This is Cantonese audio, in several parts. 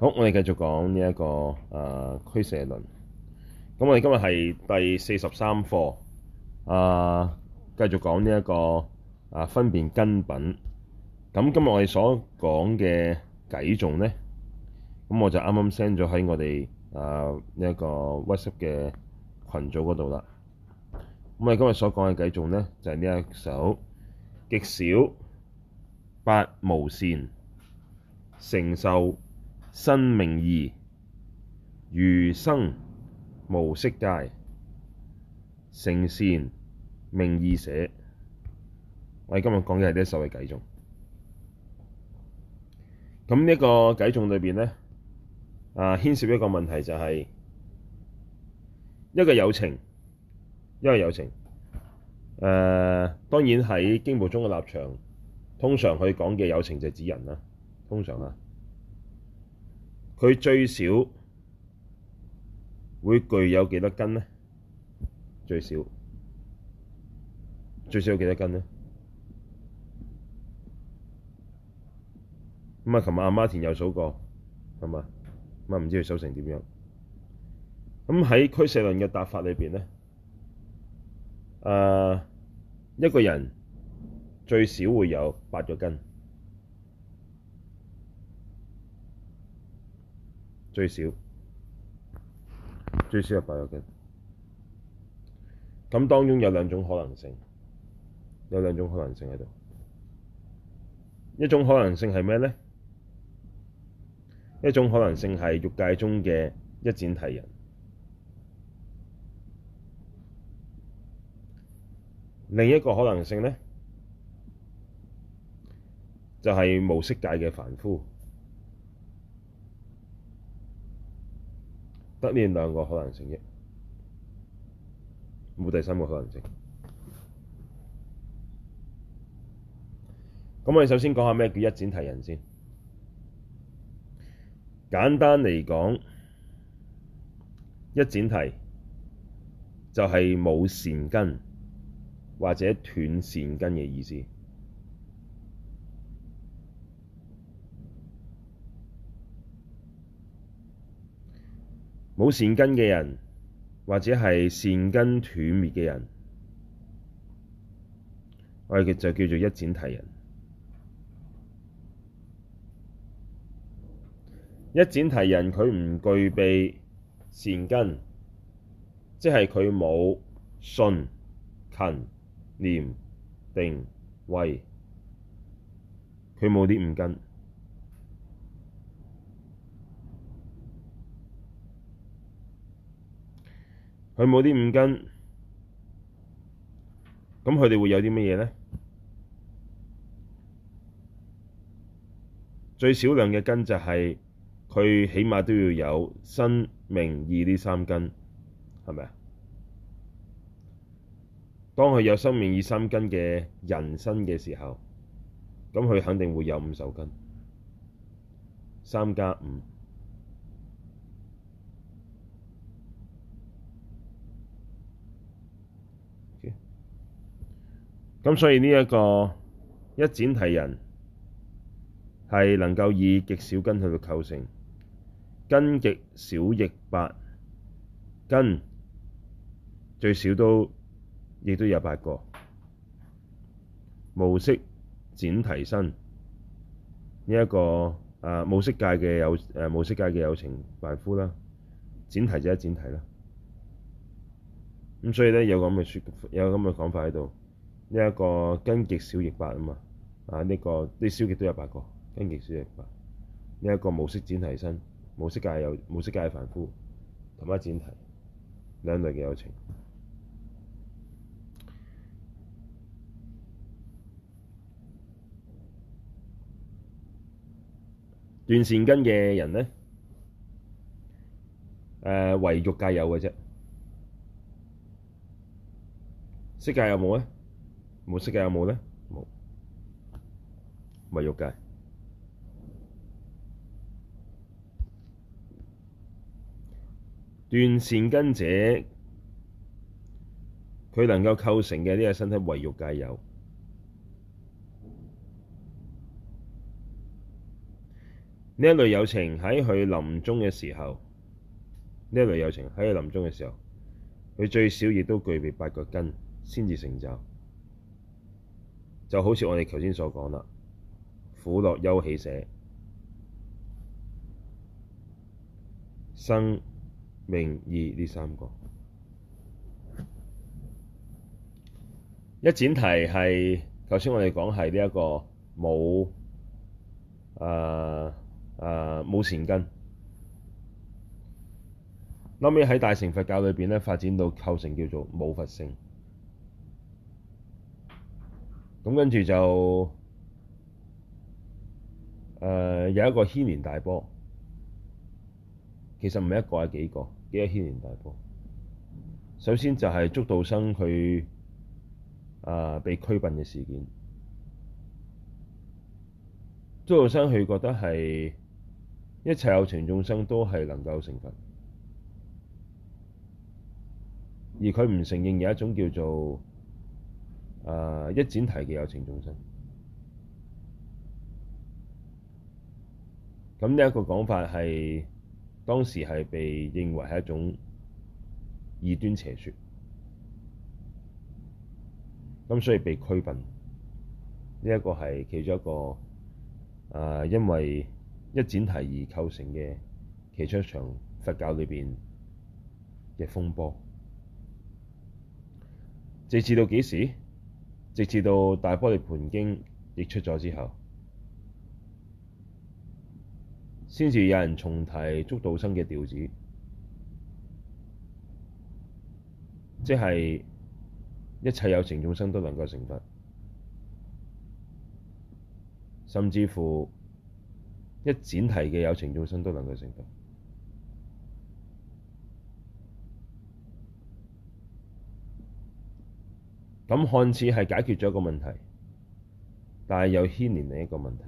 好，我哋繼續講呢一個誒俱舍論。咁、呃、我哋今日係第四十三課，啊、呃，繼續講呢一個啊、呃、分別根品。咁今日我哋所講嘅偈頌咧，咁我就啱啱 send 咗喺我哋啊呢一個 WhatsApp 嘅群組嗰度啦。咁我哋今日所講嘅偈頌咧，就係、是、呢一首極少、八無善成受，身命意，愚生無色界，成善命意捨。我哋今日講嘅係啲所謂偈頌。咁呢一個偈頌裏邊呢，啊，牽涉一個問題就係、是、一個有情，一個有情。誒、啊，當然喺經部中嘅立場，通常佢講嘅有情就係指人啦，通常啦、啊。佢最少會具有幾多根呢？最少最少有幾多根呢？咁啊，琴日阿 Martin 又數過，係咪？咁啊，唔知佢數成點樣？咁喺俱舍論嘅答法裏邊呢，誒、呃、一個人最少會有八個根。最少最少有八個根，咁當中有兩種可能性，有兩種可能性喺度。一種可能性係咩呢？一種可能性係欲界中嘅一闡提人，另一個可能性呢，就係、是、無色界嘅凡夫。得呢兩個可能性啫，冇第三個可能性。咁我哋首先講下咩叫一闡提人先。簡單嚟講，一闡提就係冇善根或者斷善根嘅意思。冇善根嘅人，或者係善根斷滅嘅人，我哋就叫做一闡提人。一闡提人佢唔具備善根，即係佢冇信、勤、念、定、慧，佢冇啲五根。佢冇啲五根，咁佢哋會有啲乜嘢咧？最少量嘅根就係、是、佢起碼都要有身命意呢三根，係咪啊？當佢有身命意三根嘅人身嘅時候，咁佢肯定會有五受根，三加五。咁所以呢一個一闡提人係能夠以極少根去到構成，根極少亦八，根最少都亦都有八個。無色闡提身，呢一個啊，無色界嘅有，誒，無色界嘅有情凡夫啦，闡提就係闡提啦，咁所以呢，有咁嘅説有咁嘅講法喺度。呢一，這個根極少亦八啊嘛！啊呢個啲消極都有八個，根極少亦八。呢一個無色闡提身，無色界有無色界凡夫同一闡提兩類嘅有情。斷善根嘅人呢，誒、呃、唯欲界有嘅啫，色界有冇咧？冇色界有冇呢？冇。唯欲界，斷善根者，佢能夠構成嘅呢個身體，唯欲界有。呢一類有情喺佢臨終嘅時候，呢一類有情喺佢臨終嘅時候，佢最少亦都具備八個根先至成就。就好似我哋頭先所講啦，苦樂憂喜捨、身、命、意呢三個。一闡提係，頭先我哋講係呢一個冇，誒誒冇善根。後尾喺大乘佛教裏邊咧發展到構成叫做冇佛性。咁跟住就誒、呃、有一個軒然大波，其實唔係一個係幾個幾多軒然大波。首先就係竺道生佢啊、呃、被拘禁嘅事件，竺道生佢覺得係一切有情眾生都係能夠成佛，而佢唔承認有一種叫做。誒、uh, 一闡提嘅有情眾生，咁呢一個講法係當時係被認為係一種異端邪說，咁所以被拘禁。呢、這、一個係其中一個誒、啊，因為一闡提而構成嘅其中一場佛教裏邊嘅風波，直至到幾時？直至到大般涅槃經譯出咗之後，先至有人重提竺道生嘅調子，即係一切有情眾生都能夠成佛，甚至乎一闡提嘅有情眾生都能夠成佛。咁看似係解決咗一個問題，但係又牽連另一個問題。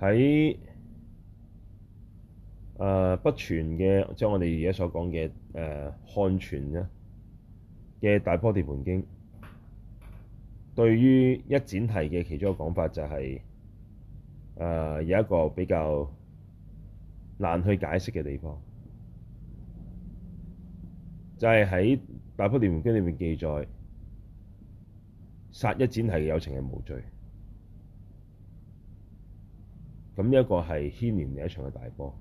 喺誒、呃、北傳嘅，即係我哋而家所講嘅誒漢傳咧嘅呃、《大般涅槃經》，對於一闡提嘅其中一個講法，就係，就係誒有一個比較難去解釋嘅地方。但係喺《大般涅槃經》裏面記載，殺一闡提嘅有情係無罪。咁呢一個係牽連另一場嘅大波。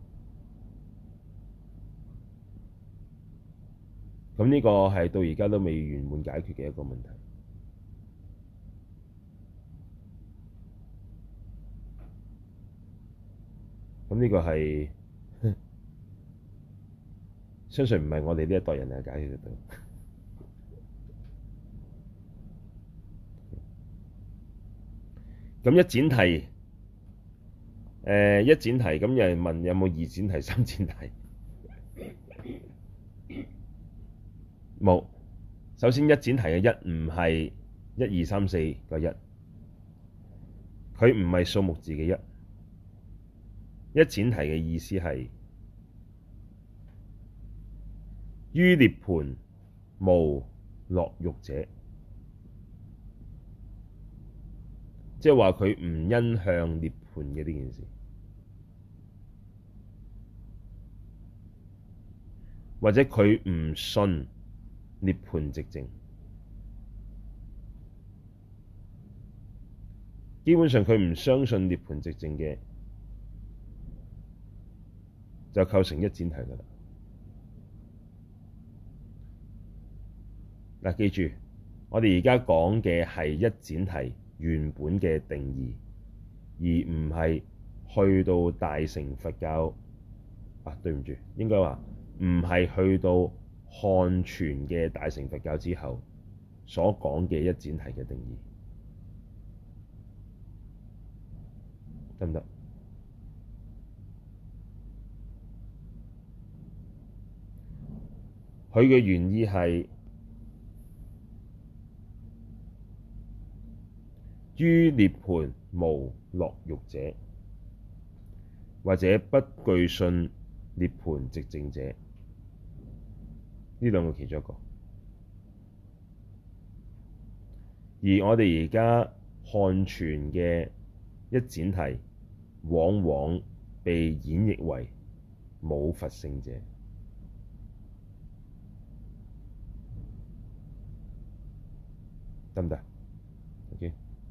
咁呢個係到而家都未完滿解決嘅一個問題。咁呢個係。相信唔係我哋呢一代人嚟解決得到。咁 一闡提，誒、呃、一闡提，咁又問有冇二闡提、三闡提？冇。 首先一闡提嘅一唔係一二三四個一，佢唔係數目字嘅一。一闡提嘅意思係。於涅槃無樂欲者，即係話佢唔欣向涅槃嘅呢件事，或者佢唔信涅槃寂靜。基本上佢唔相信涅槃寂靜嘅，就構成一闡提噶啦。嗱，記住，我哋而家講嘅係一闡提原本嘅定義，而唔係去到大乘佛教。啊，對唔住，應該話唔係去到漢傳嘅大乘佛教之後所講嘅一闡提嘅定義，得唔得？佢嘅原意係。於涅槃無樂欲者，或者不具信涅槃寂靜者，呢兩個其中一個。而我哋而家漢傳嘅一闡提，往往被演繹為無佛性者，得唔得？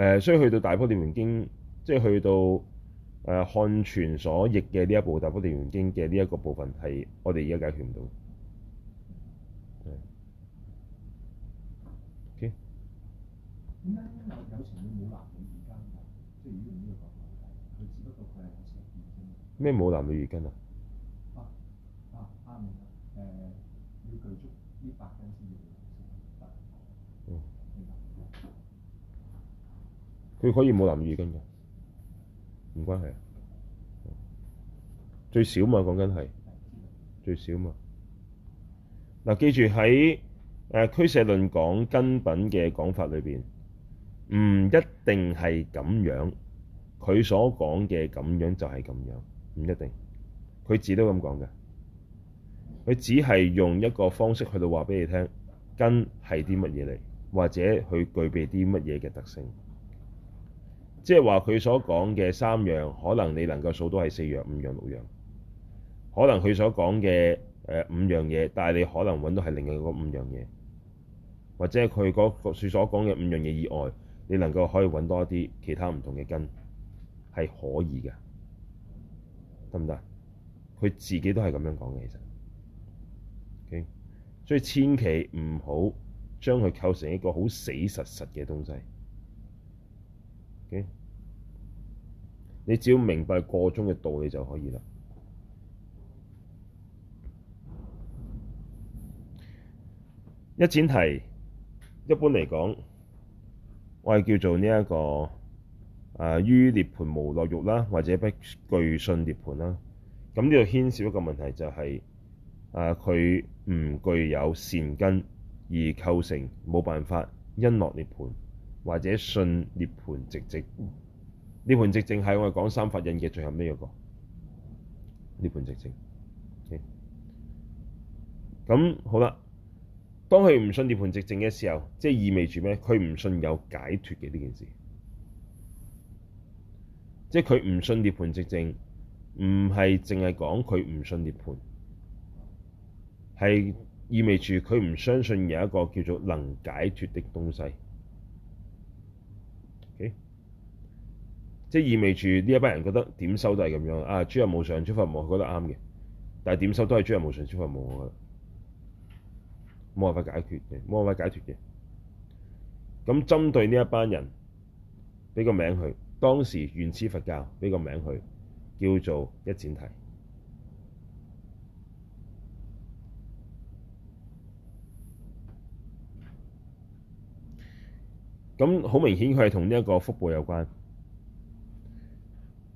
誒、呃，所以去到，大利去到、呃《大般涅槃經》，即係去到誒漢傳所譯嘅呢一部《大般涅槃經》嘅呢一個部分係，我哋而家解決唔到。O K、嗯。點解我有情會冇男女二根？即係以用呢個角度佢只不過佢係有情別嘅咩冇男女二根啊，啊？啊啊啊！誒、呃，要繼續呢排。佢可以冇林雨根嘅，唔關係最少嘛，講緊係最少嘛。嗱、啊，記住喺誒、呃《俱舍論》講根品嘅講法裏邊，唔一定係咁樣。佢所講嘅咁樣就係咁樣，唔一定。佢自都咁講嘅。佢只係用一個方式去到話俾你聽，根係啲乜嘢嚟，或者佢具備啲乜嘢嘅特性。即係話佢所講嘅三樣，可能你能夠數到係四樣、五樣、六樣。可能佢所講嘅誒五樣嘢，但係你可能揾到係另外嗰五樣嘢，或者係佢嗰佢所講嘅五樣嘢以外，你能夠可以揾多啲其他唔同嘅根，係可以噶，得唔得？佢自己都係咁樣講嘅，其實。Okay? 所以千祈唔好將佢構成一個好死實實嘅東西。Okay. 你只要明白個中嘅道理就可以啦。一闡提，一般嚟講，我係叫做呢、這、一個啊、呃，於涅槃無樂欲啦，或者不具信涅槃啦。咁呢度牽涉一個問題、就是，就係啊，佢唔具有善根而構成冇辦法因落涅槃。或者信涅槃寂靜，嗯、涅槃寂靜。涅盤寂靜係我哋講三法印嘅最後尾一個涅盤寂靜。咁、okay? 好啦，當佢唔信涅槃寂靜嘅時候，即係意味住咩？佢唔信有解脫嘅呢件事，即係佢唔信涅槃寂靜，唔係淨係講佢唔信涅槃，係意味住佢唔相信有一個叫做能解脫的東西。即意味住呢一班人覺得點收都係咁樣啊。諸有無常，諸法無我覺得啱嘅，但係點收都係諸有無常，諸法無我，覺得冇辦法解決嘅，冇辦法解決嘅。咁針對呢一班人，畀個名佢，當時原始佛教畀個名佢，叫做一闡提。咁好明顯，佢係同呢一個福報有關。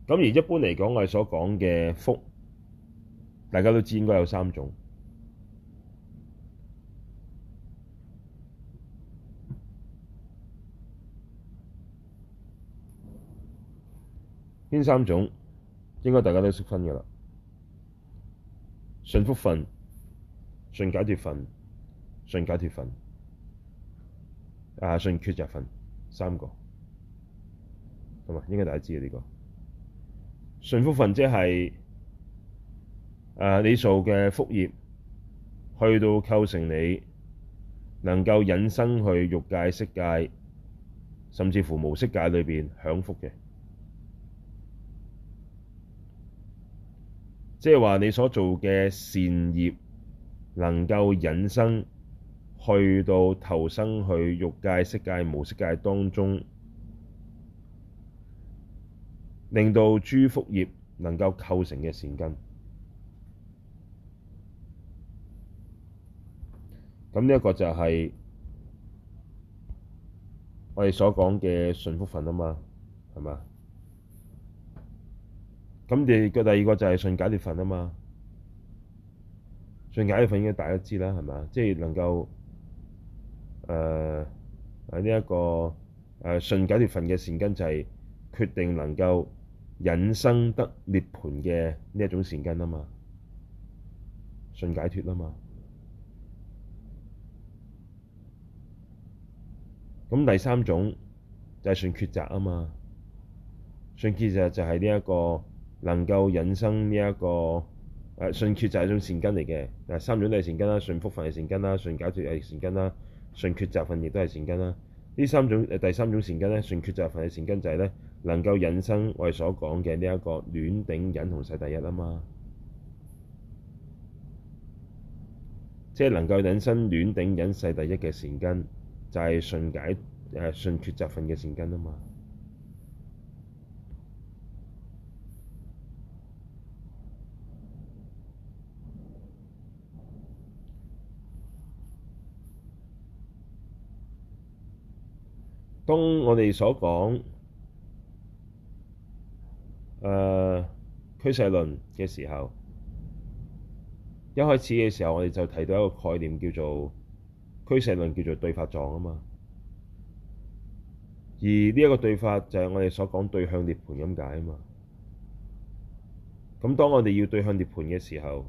咁而一般嚟講，我哋所講嘅福，大家都知應該有三種。邊三種？應該大家都識分嘅啦，順福分、順解脫分、順解脫分、啊順決擇分，三個，係嘛？應該大家知嘅呢、這個。順福分即係你做嘅福業，去到構成你能夠引生去欲界、色界，甚至乎無色界裏邊享福嘅。即係話你所做嘅善業，能夠引生去到投生去欲界、色界、無色界當中。令到諸福業能夠構成嘅善根，咁呢一個就係我哋所講嘅順福分啊嘛，係嘛？咁哋個第二個就係順解脫分啊嘛，順解脫分應該大家知啦，係嘛？即、就、係、是、能夠誒喺呢一個誒順、呃、解脫分嘅善根就係決定能夠。引生得涅槃嘅呢、就是這個這個、一種善根啊嘛，順解脫啊嘛。咁第三種就係順抉擇啊嘛，順決擇就係呢一個能夠引生呢一個誒順抉擇係種善根嚟嘅。誒三種都係善根啦，順福份係善根啦，順解脫係善根啦，順抉擇份亦都係善根啦。呢三種誒第三種善根咧，順抉擇份嘅善根就係、是、咧。能夠引生我哋所講嘅呢一個暖頂忍同世第一啊嘛，即係能夠引生暖頂忍世第一嘅善根，就係順解誒、呃、順決擇分嘅善根啊嘛。當我哋所講。誒俱舍論嘅時候，一開始嘅時候，我哋就提到一個概念叫做俱舍論，叫做對法藏啊嘛。而呢一個對法就係我哋所講對向涅槃咁解啊嘛。咁當我哋要對向涅槃嘅時候，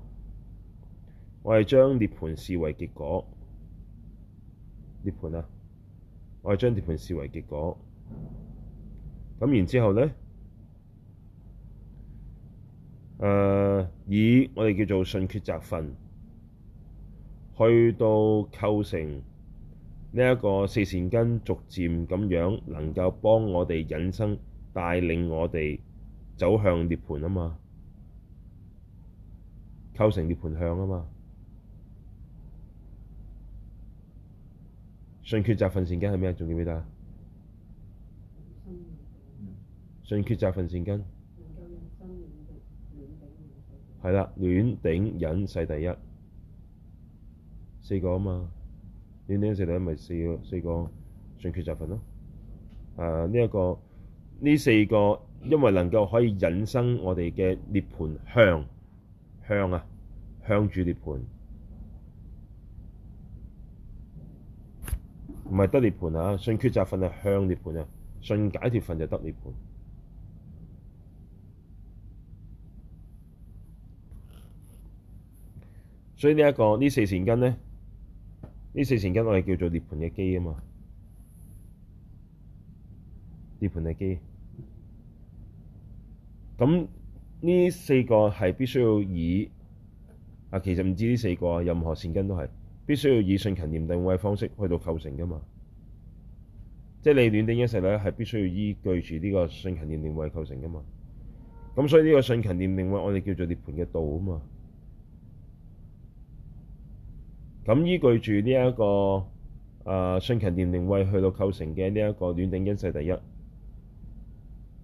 我哋將涅槃視為結果，涅槃啊，我哋將涅槃視為結果。咁然之後咧。以、uh, 我哋叫做順決擇分，去到構成呢一個四善根，逐漸咁樣能夠幫我哋引生、帶領我哋走向涅槃啊嘛，構成涅槃向啊嘛。順決擇分善根係咩？仲記唔記得啊？順決擇分善根。係啦，暖頂忍世第一，四個啊嘛，暖頂四第一咪四個四個順決擇分咯。誒呢一個呢四、啊這個、四個，因為能夠可以引生我哋嘅涅槃向向啊向住涅槃，唔係、啊、得涅槃啊！順決擇分係向涅槃啊，順解脫分就得涅槃、啊。所以、這個、呢一個呢四善根咧，呢四善根我哋叫做涅槃嘅基啊嘛，涅槃嘅基，咁呢四個係必須要以啊，其實唔知呢四個任何善根都係必須要以信勤念定慧方式去到構成噶嘛。即係你暖頂忍世咧，係必須要依據住呢個信勤念定慧構成噶嘛。咁所以呢個信勤念定慧我哋叫做涅槃嘅道啊嘛。咁依據住呢一個誒信勤念定慧去到構成嘅呢一個暖頂忍世第一，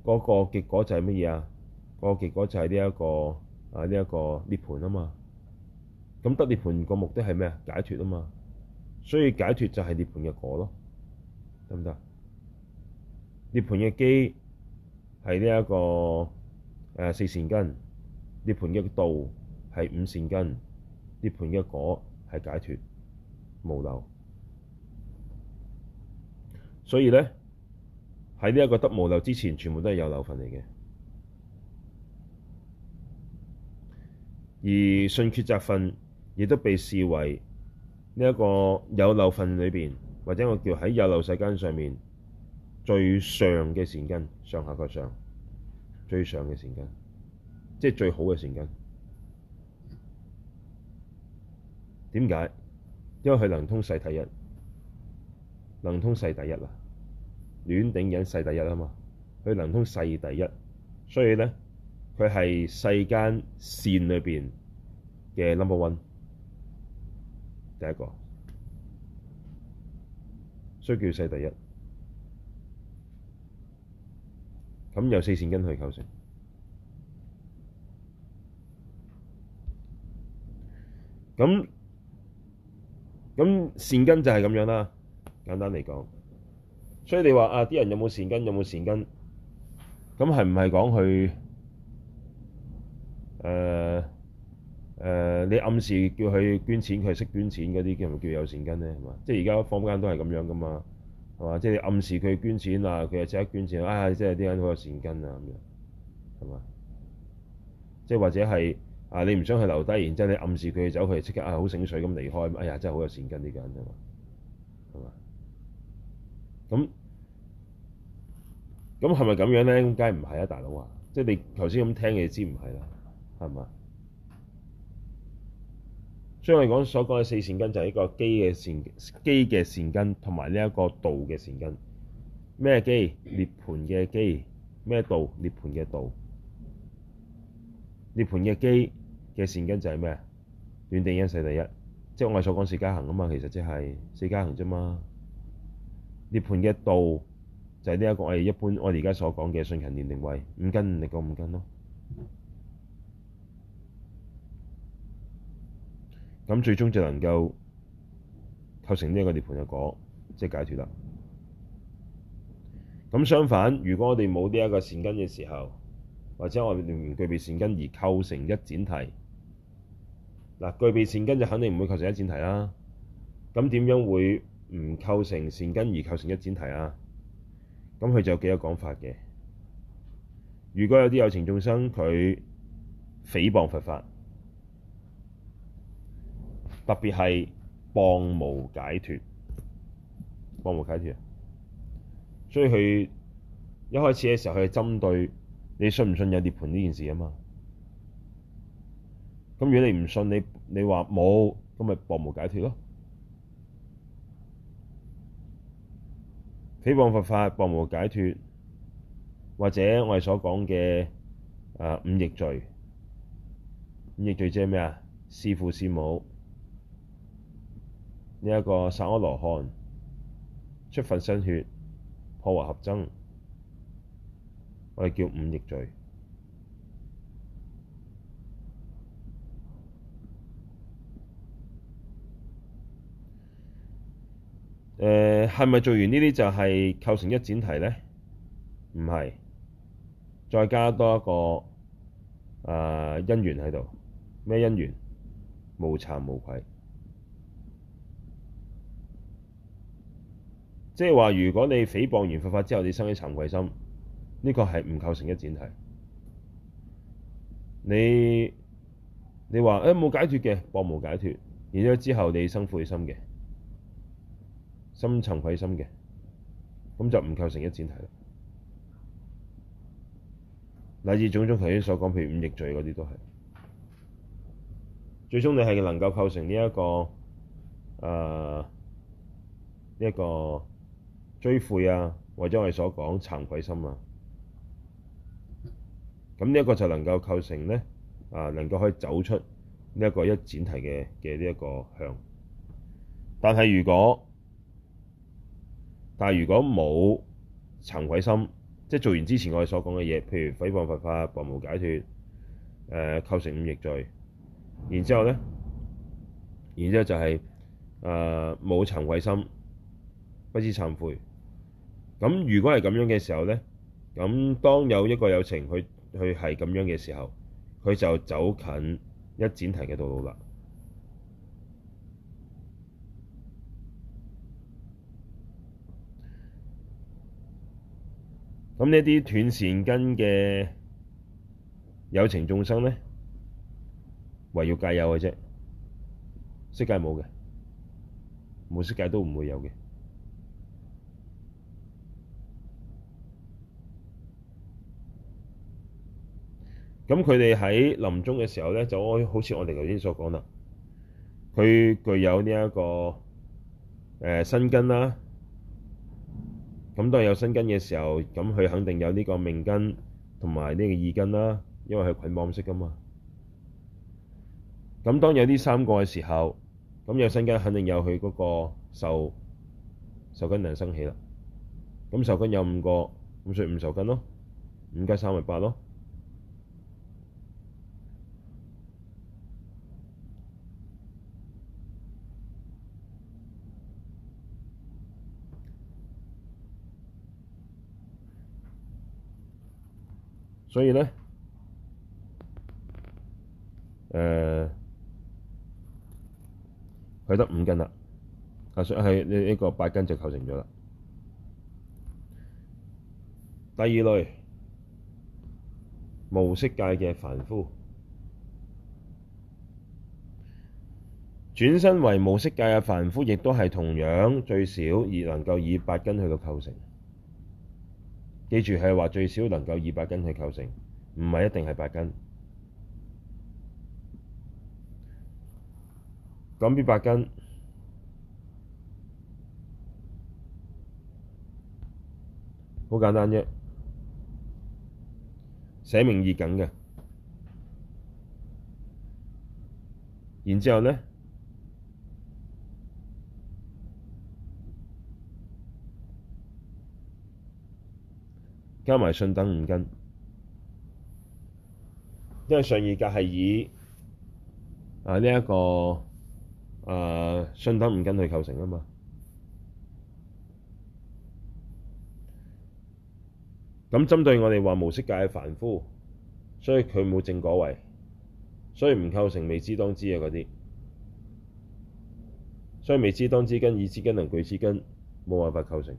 嗰、這個結果就係乜嘢啊？嗰、這個結果就係呢一個啊呢一、這個涅槃啊嘛。咁、嗯、得涅槃個目的係咩啊？解脫啊嘛。所以解脫就係涅槃嘅果咯，得唔得？涅槃嘅基係呢一個誒、呃、四善根，涅槃嘅道係五善根，涅槃嘅果。係解脫無漏，所以咧，喺呢一個得無漏之前，全部都係有漏份嚟嘅。而順決擇分亦都被視為呢一個有漏份裏邊，或者我叫喺有漏世間上面最上嘅善根，上下腳上最上嘅善根，即係最好嘅善根。點解？因為佢能通世第一，能通世第一啦，暖頂忍世第一啊嘛。佢能通世第一，所以咧，佢係世間善裏邊嘅 number one，第一個，所以叫世第一。咁由四善根去構成，咁。咁善根就係咁樣啦，簡單嚟講，所以你話啊，啲人有冇善根有冇善根？咁係唔係講佢？誒誒、呃呃，你暗示叫佢捐錢，佢識捐錢嗰啲叫唔叫有善根咧？係嘛？即係而家坊間都係咁樣噶嘛，係嘛？即係暗示佢捐錢啊，佢又即刻捐錢啊，即係啲人好有善根啊咁樣，係嘛？即係或者係。啊！你唔想去留低，然之後你暗示佢要走，佢即刻啊好醒水咁離開。哎呀，真係好有善根啲人啫嘛，係嘛？咁咁係咪咁樣呢？咁梗係唔係啊，大佬啊！即係你頭先咁聽嘅，知唔係啦？係咪啊？所以我哋講所講嘅四善根就係一個基嘅善基嘅善，善根，同埋呢一個道嘅善根。咩基？涅槃嘅基。咩道？涅槃嘅道。涅槃嘅基。嘅善根就係咩？暖頂忍世第一，即係我哋所講四加行啊嘛。其實即係四加行啫嘛。涅槃嘅道就係呢一個，我哋一般我哋而家所講嘅信勤念定慧，五根，五力五根咯。咁最終就能夠構成呢一個涅槃嘅果，即係解脫啦。咁相反，如果我哋冇呢一個善根嘅時候，或者我哋唔具備善根而構成一闡提。嗱，具備善根就肯定唔會構成一闡提啦。咁點樣會唔構成善根而構成一闡提啊？咁佢就有幾個講法嘅。如果有啲有情眾生佢誹謗佛法，特別係謗無解脫，謗無解脫，所以佢一開始嘅時候佢係針對你信唔信有涅槃呢件事啊嘛。咁如果你唔信你你話冇，咁咪謗無解脫咯？誹謗佛法，謗無解脫，或者我哋所講嘅啊五逆罪，五逆罪即係咩啊？弑父弑母呢一個，殺阿羅漢、出佛身血、破壞合僧，我哋叫五逆罪。誒係咪做完呢啲就係構成一闡提呢？唔係，再加多一個啊、呃、因緣喺度。咩因緣？無慚無愧。即係話，如果你誹謗完佛法之後，你生起慚愧心，呢個係唔構成一闡提。你你話誒冇解脫嘅，謗無解脫，然後之後你生悔心嘅。深沉愧心嘅，咁就唔構成一闡提啦。乃至種種頭先所講，譬如五逆罪嗰啲都係，最終你係能夠構成呢、這、一個誒呢一個追悔啊，或者我哋所講慚愧心啊，咁呢一個就能夠構成呢，啊、呃，能夠可以走出呢一個一闡提嘅嘅呢一個向。但係如果，但係如果冇慚愧心，即係做完之前我哋所講嘅嘢，譬如誹謗佛法、謗無解脫，誒、呃、構成五逆罪，然之後咧，然之後就係誒冇慚愧心，不知懺悔。咁如果係咁樣嘅時候咧，咁當有一個有情佢佢係咁樣嘅時候，佢就走近一闡提嘅道路啦。咁呢一啲斷善根嘅有情眾生咧，唯欲界有嘅啫，色界冇嘅，無色界都唔會有嘅。咁佢哋喺臨終嘅時候咧，就好似我哋頭先所講啦，佢具有呢一個誒身根啦。咁當有身根嘅時候，咁佢肯定有呢個命根同埋呢個意根啦，因為係捆綁式噶嘛。咁當有呢三個嘅時候，咁有身根肯定有佢嗰個受受根能生起啦。咁受根有五個，咁所以五受根咯，五加三咪八咯。所以呢，誒、呃，佢得五根啦，加上係呢呢個八根就構成咗啦。第二類，無色界嘅凡夫，轉身為無色界嘅凡夫，亦都係同樣最少亦能夠以八根去到構成。記住係話最少能夠二百根去構成，唔係一定係八根。咁啲八根好簡單啫，寫明易緊嘅。然之後咧。加埋信等五根，因為上二界係以啊呢一個啊信等五根去構成啊嘛。咁針對我哋話無色界嘅凡夫，所以佢冇正果位，所以唔構成未知當知啊嗰啲，所以未知當知根、已知根同具知根冇辦法構成。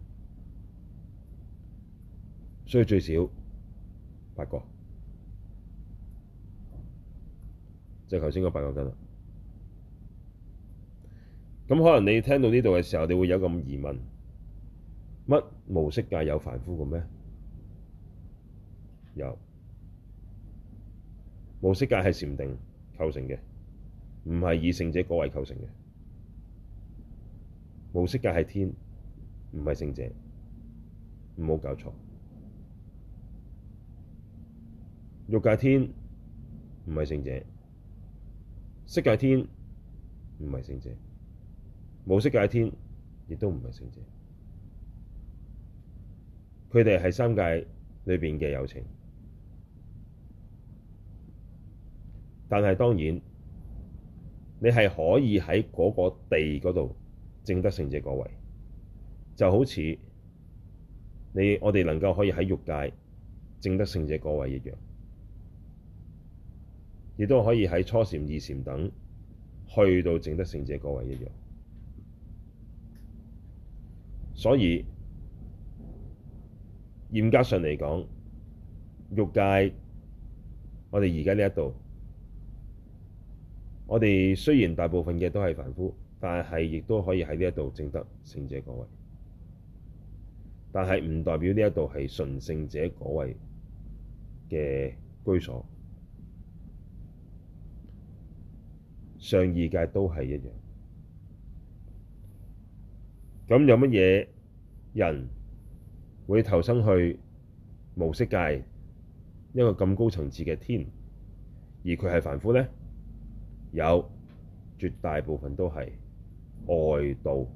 所以最少八個，就係頭先嗰八個根。咁可能你聽到呢度嘅時候，你會有咁疑問：乜無色界有凡夫嘅咩？有。無色界係禪定構成嘅，唔係以聖者果位構成嘅。無色界係天，唔係聖者，唔好搞錯。欲界天唔係聖者，色界天唔係聖者，冇色界天亦都唔係聖者。佢哋係三界裏邊嘅有情，但係當然你係可以喺嗰個地嗰度證得聖者嗰位，就好似你我哋能夠可以喺欲界證得聖者嗰位一樣。亦都可以喺初禪、二禪等去到證得聖者果位一樣，所以嚴格上嚟講，欲界我哋而家呢一度，我哋雖然大部分嘅都係凡夫，但係亦都可以喺呢一度證得聖者果位，但係唔代表呢一度係純聖者果位嘅居所。上二界都係一樣，咁有乜嘢人會投生去無色界一個咁高層次嘅天，而佢係凡夫呢？有絕大部分都係外道，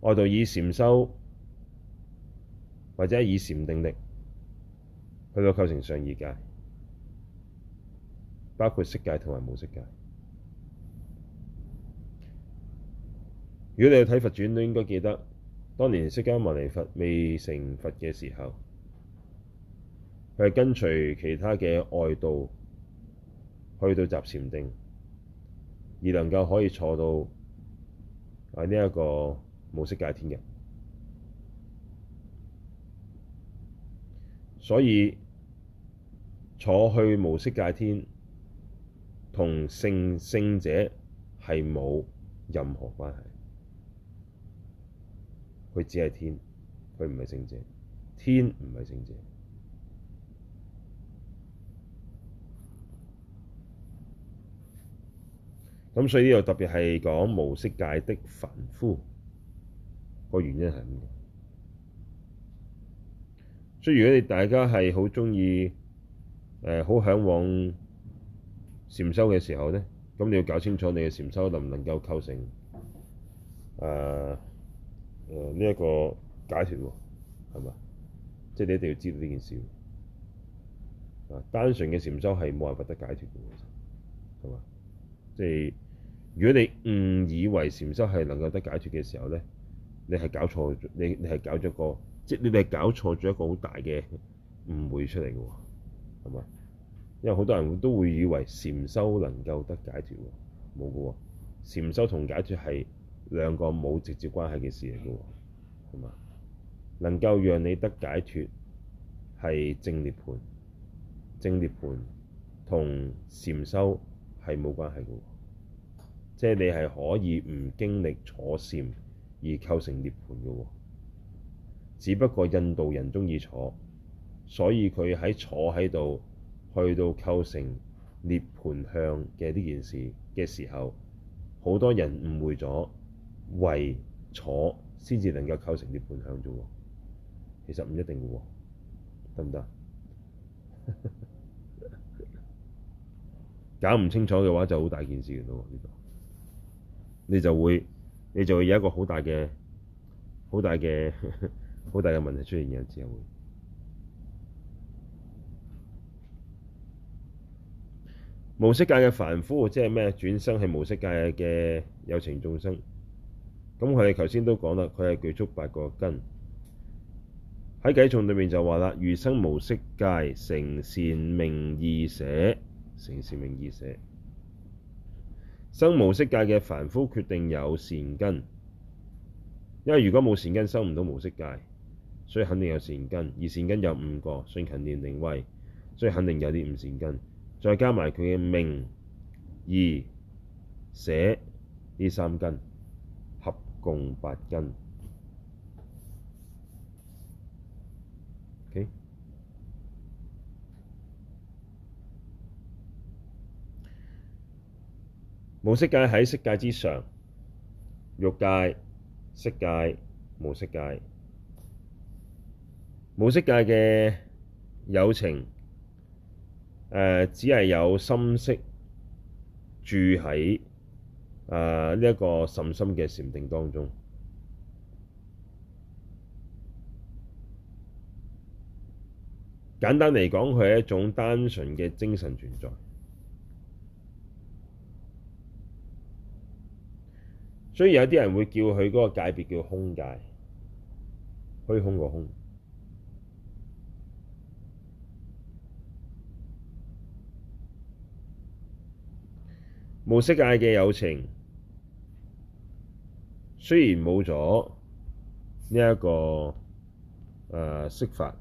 外道以禪修。或者以禪定力去到構成上二界，包括色界同埋無色界。如果你去睇《佛傳》，都應該記得，當年釋迦牟尼佛未成佛嘅時候，佢係跟隨其他嘅外道去到集禪定，而能夠可以坐到喺呢一個無色界天人。所以坐去無色界天同聖聖者係冇任何關係，佢只係天，佢唔係聖者，天唔係聖者。咁所以呢度特別係講無色界的凡夫，個原因係咁。所以如果你大家係好鍾意誒好嚮往禪修嘅時候咧，咁你要搞清楚你嘅禪修能唔能夠構成誒誒呢一個解脱，哦，係嘛？即係你一定要知道呢件事。啊、呃，單純嘅禪修係冇辦法得解脱嘅，係嘛？即係如果你誤以為禪修係能夠得解脱嘅時候咧，你係搞錯咗，你你係搞咗個。即你哋搞錯咗一個好大嘅誤會出嚟嘅喎，係咪？因為好多人都會以為禪修能夠得解脱，冇嘅喎。禪修同解脱係兩個冇直接關係嘅事嚟嘅喎，係咪？能夠讓你得解脱係正涅槃，正涅槃同禪修係冇關係嘅，即係你係可以唔經歷坐禪而構成涅槃嘅喎。只不過印度人鍾意坐，所以佢喺坐喺度去到構成涅槃向嘅呢件事嘅時候，好多人誤會咗為坐先至能夠構成涅槃向啫喎。其實唔一定嘅喎，得唔得？ 搞唔清楚嘅話就好大件事嘅咯。呢個你就會你就會有一個好大嘅好大嘅。 好大嘅問題出現嘅之後，無色界嘅凡夫即係咩？轉生係無色界嘅有情眾生。咁佢哋頭先都講啦，佢係具足八個根。喺偈重裏面就話啦：愚生無色界，成善命意捨，成善命意捨。生無色界嘅凡夫決定有善根，因為如果冇善根，生唔到無色界。所以肯定有善根，而善根有五個，信、勤、念、定、慧。所以肯定有啲五善根，再加埋佢嘅命、意、捨呢三根，合共八根。okay? 冇色界喺色界之上，欲界、色界、冇色界。無色界嘅有情，誒、呃、只係有心識住喺誒呢一個深深嘅禪定當中。簡單嚟講，佢係一種單純嘅精神存在。所以有啲人會叫佢嗰個界別叫空界，虛空個空。無色界嘅有情，雖然冇咗呢一個誒色、呃、法，誒、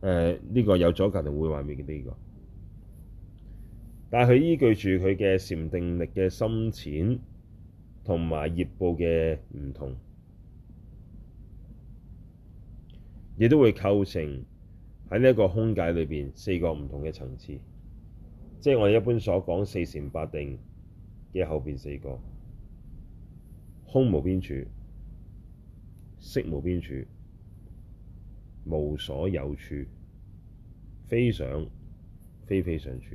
呃、呢、這個有阻礙，定會話俾呢個，但係佢依據住佢嘅禪定力嘅深淺，同埋業報嘅唔同，亦都會構成喺呢一個空界裏邊四個唔同嘅層次。即係我哋一般所講四禪八定嘅後邊四個，空無邊處、識無邊處、無所有處、非想非非想處，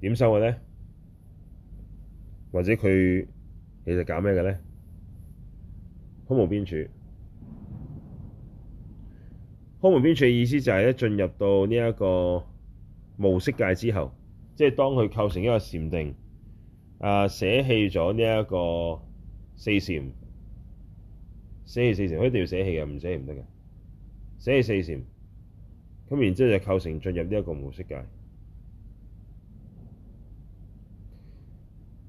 點修嘅呢？或者佢其實搞咩嘅呢？空無邊處。空無邊處嘅意思就係咧，進入到呢一個無色界之後，即係當佢構成一個禪定，啊、呃、捨棄咗呢一個四禪，捨棄四禪，佢一定要捨棄嘅，唔捨棄唔得嘅，捨棄四禪，咁然之後就構成進入呢一個無色界。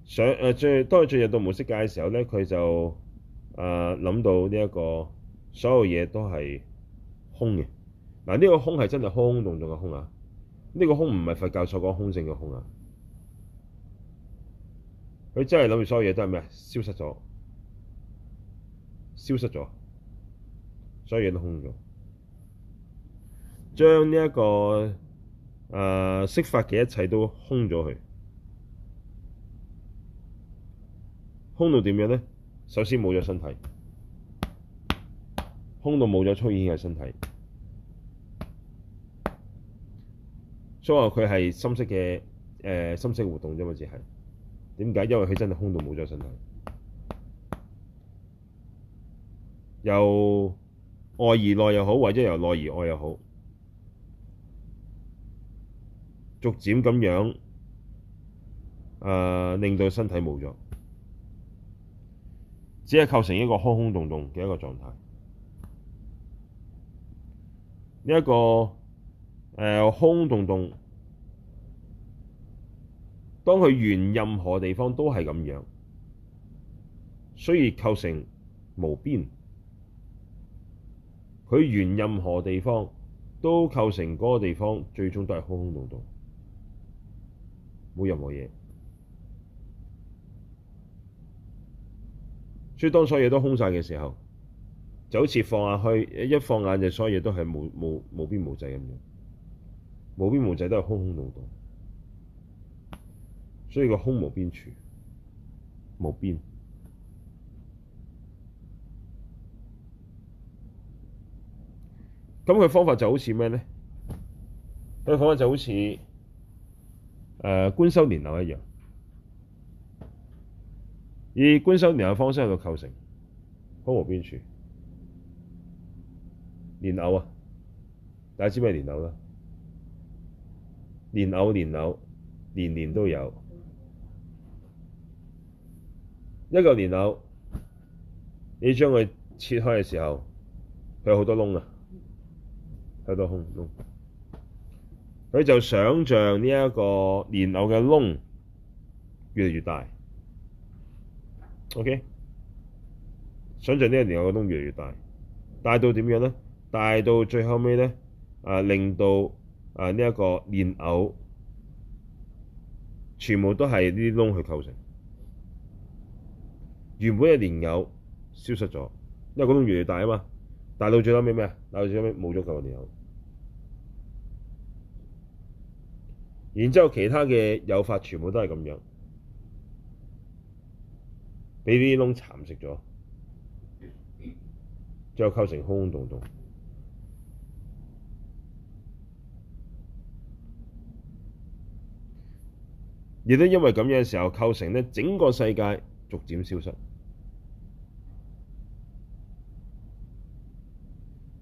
上誒、呃、最當佢進入到無色界嘅時候咧，佢就啊諗、呃、到呢、這、一個所有嘢都係。空嘅，嗱、這、呢個空係真係空空洞洞嘅空啊！呢、這個空唔係佛教所講空性嘅空啊，佢真係諗住所有嘢都係咩消失咗，消失咗，所有嘢都空咗，將呢、這、一個誒色、呃、法嘅一切都空咗，佢空到點樣咧？首先冇咗身體，空到冇咗出現嘅身體。因為佢係深色嘅，誒、呃、深色活動啫嘛，只係點解？因為佢真係空到冇咗身體，由外而內又好，或者由內而外又好，逐漸咁樣誒、呃，令到身體冇咗，只係構成一個空空洞洞嘅一個狀態。呢、這、一個誒、呃、空洞洞。當佢原任何地方都係咁樣，所以構成無邊。佢原任何地方都構成嗰個地方，最終都係空空洞洞，冇任何嘢。所以當所有嘢都空晒嘅時候，就好似放下去，一放眼就所有嘢都係冇冇冇邊冇際咁樣，冇邊冇際都係空空洞洞,洞。所以個空無邊處，無邊。咁佢方法就好似咩咧？佢方法就好似誒觀修蓮藕一樣，以觀修蓮藕方式去構成空無邊處。蓮藕啊，大家知唔知蓮藕咧，啊？蓮藕、蓮藕、年年都有。一個蓮藕，你將佢切開嘅時候，佢好多窿啊，好多空窿。佢就想像呢一個蓮藕嘅窿越嚟越大。OK，想像呢個蓮藕嘅窿越嚟越大，大到點樣呢？大到最後尾呢，啊令到啊呢一個蓮藕全部都係呢啲窿去構成。原本嘅蓮藕消失咗，因為個窿越嚟越大啊嘛，大到最後尾咩啊？大到最後尾冇咗嚿蓮藕，然之後其他嘅有法全部都係咁樣，俾啲窿蠶食咗，最後就構成空空洞洞。亦都因為咁樣嘅時候構成咧，整個世界逐漸消失。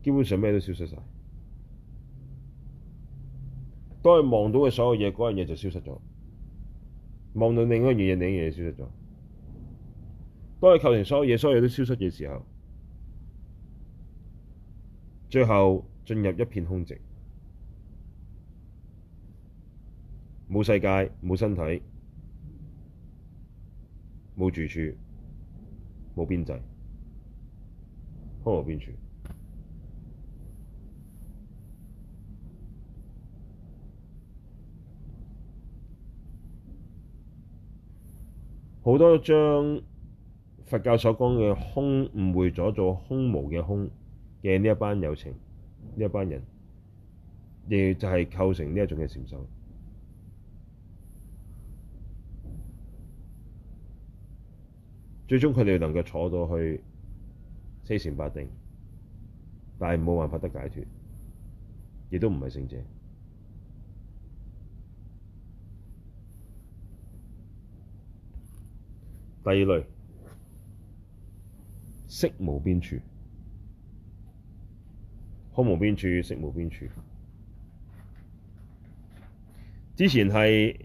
基本上咩都消失晒，當你望到嘅所有嘢，嗰樣嘢就消失咗；望到另一樣嘢，另一樣嘢消失咗。當你求完所有嘢，所有嘢都消失嘅時候，最後進入一片空寂，冇世界，冇身體，冇住處，冇邊際，空無邊處。好多將佛教所講嘅空誤會咗做空無嘅空嘅呢一班有情，呢一班人，亦就係構成呢一種嘅禪修。最終佢哋能夠坐到去四禪八定，但係冇辦法得解脫，亦都唔係聖者。第二類，識無邊處，空無邊處，識無邊處。之前係誒、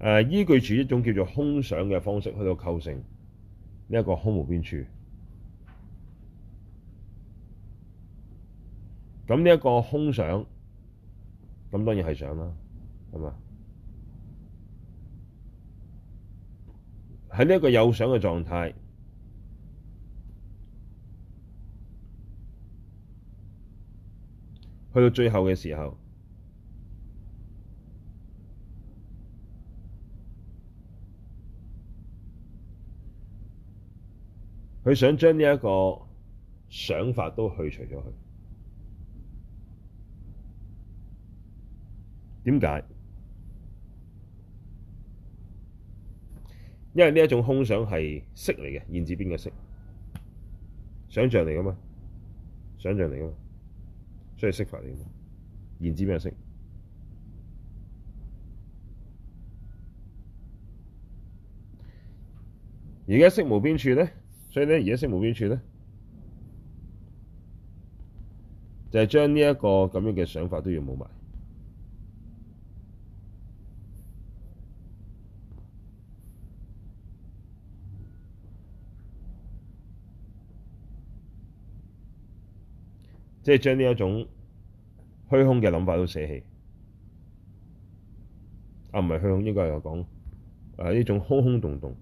呃，依據住一種叫做空想嘅方式去到構成呢一個空無邊處。咁呢一個空想，咁當然係想啦，係咪啊？喺呢一個有想嘅狀態，去到最後嘅時候，佢想將呢一個想法都去除咗佢，點解？因為呢一種空想係識嚟嘅，言字邊嘅識，想象嚟噶嘛，想象嚟噶嘛，所以識法嚟嘅。言字邊嘅識，而家識無邊處咧，所以咧，而家識無邊處咧，就係將呢一個咁樣嘅想法都要冇埋。即係將呢一種虛空嘅諗法都捨棄。啊，唔係虛空，應該係講誒呢種空空洞洞，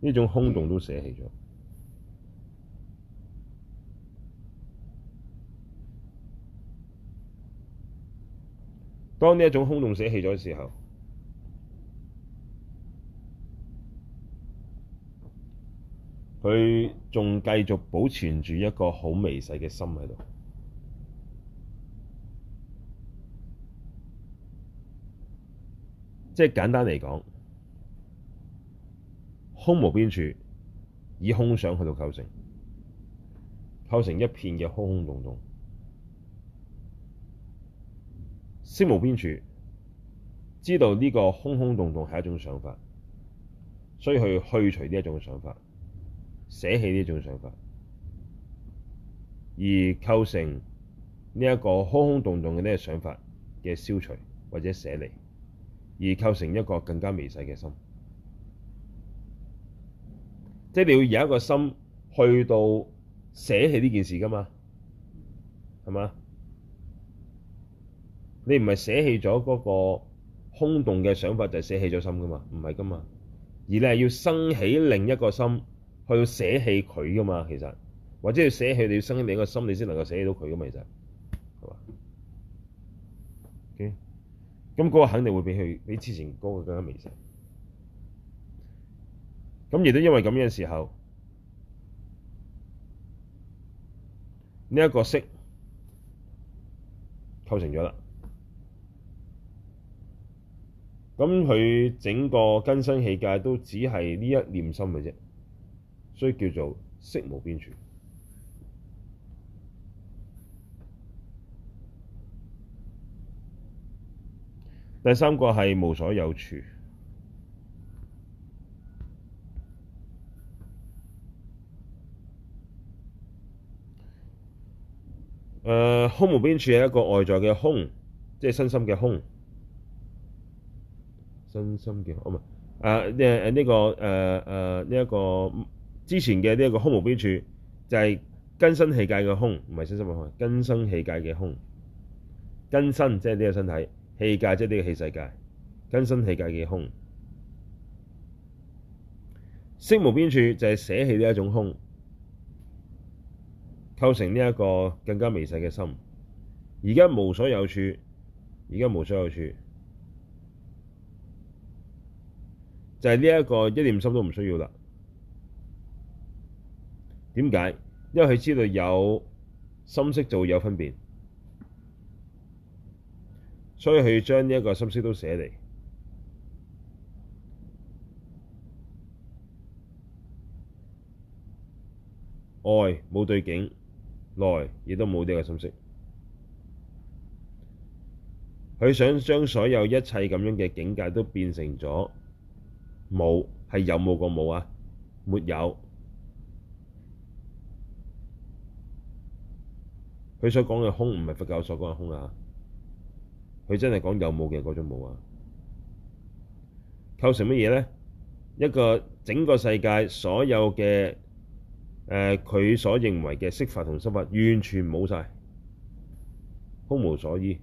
呢種空洞都捨棄咗。當呢一種空洞捨棄咗嘅時候。佢仲繼續保存住一個好微細嘅心喺度，即係簡單嚟講，空無邊處以空想去到構成構成一片嘅空空洞洞。識無邊處知道呢個空空洞洞係一種想法，所以佢去去除呢一種想法。捨棄呢種想法，而構成呢一個空空洞洞嘅呢個想法嘅消除或者捨離，而構成一個更加微細嘅心，即係你要有一個心去到捨棄呢件事㗎嘛？係嘛？你唔係捨棄咗嗰個空洞嘅想法就係捨棄咗心㗎嘛？唔係㗎嘛？而你係要生起另一個心。去捨棄佢噶嘛？其實或者要捨棄，你要生起你個心，你先能夠捨棄到佢噶嘛？其實係嘛？咁，咁、okay? 嗰個肯定會比佢比之前高更加微細。咁亦都因為咁嘅時候，呢、這、一個色構成咗啦。咁佢整個根身器界都只係呢一念心嘅啫。所以叫做識無邊處。第三個係無所有處、呃。誒空無邊處係一個外在嘅空，即係身心嘅空。身心嘅空，唔係誒誒呢個誒誒呢一個。呃呃這個之前嘅呢一個空無邊處就係根身器界嘅空，唔係新生萬物，根身器界嘅空，根身即係呢個身體，器界即係呢個器世界，根身器界嘅空，色無邊處就係捨棄呢一種空，構成呢一個更加微細嘅心，而家無所有處，而家無所有處，就係呢一個一念心都唔需要啦。點解？因為佢知道有心識就會有分別，所以佢將呢一個心識都寫嚟。外冇對境，內亦都冇呢一個心識。佢想將所有一切咁樣嘅境界都變成咗冇，係有冇個冇啊？沒有。佢所講嘅空唔係佛教所講嘅空啊。佢真係講有冇嘅嗰種冇啊。構成乜嘢咧？一個整個世界所有嘅，誒，佢、呃、所認為嘅色法同心法完全冇晒。空無所依，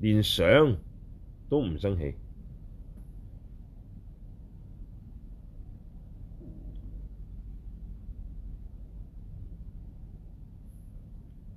連想都唔生氣。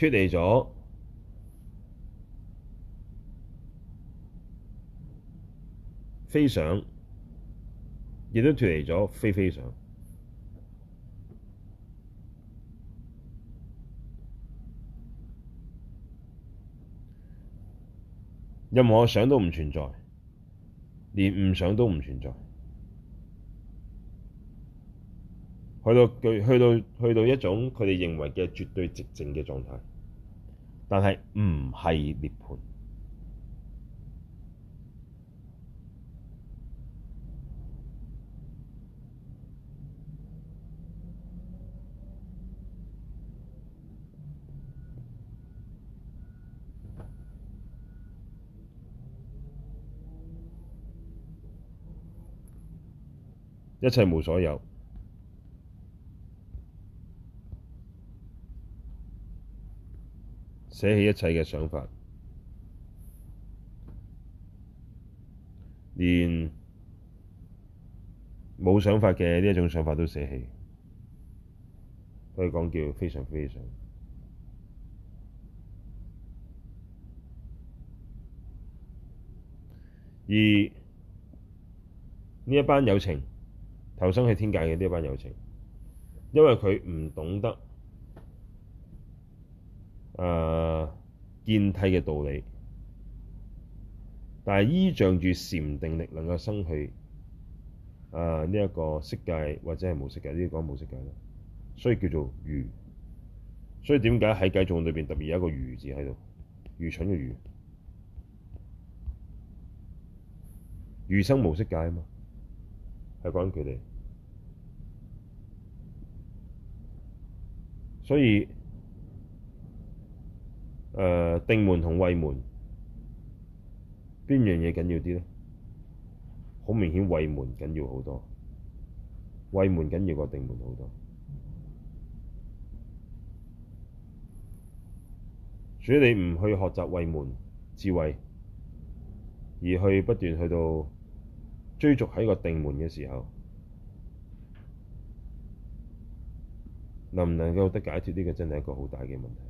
脫離咗非想，亦都脫離咗非非想，任何想都唔存在，連唔想都唔存在。去到去到去到一種佢哋認為嘅絕對寂靜嘅狀態。但係唔係涅槃，一切無所有。捨棄一切嘅想法，連冇想法嘅呢一種想法都捨棄，可以講叫非想非非想。而呢一班有情投生喺天界嘅呢一班有情，因為佢唔懂得。誒，見諦嘅道理，但係依仗住禪定力，能夠生起誒呢一個色界或者係無色界，呢個講無色界啦，所以叫做愚。所以點解喺偈頌裏邊特別有一個愚字喺度？愚蠢嘅愚，愚生無色界啊嘛，係講佢哋，所以。呃、定門同慧門邊樣嘢緊要啲呢？好明顯，慧門緊要好多，慧門緊要過定門好多。所以你唔去學習慧門智慧，而去不斷去到追逐喺個定門嘅時候，能唔能夠得解決呢，個真係一個好大嘅問題。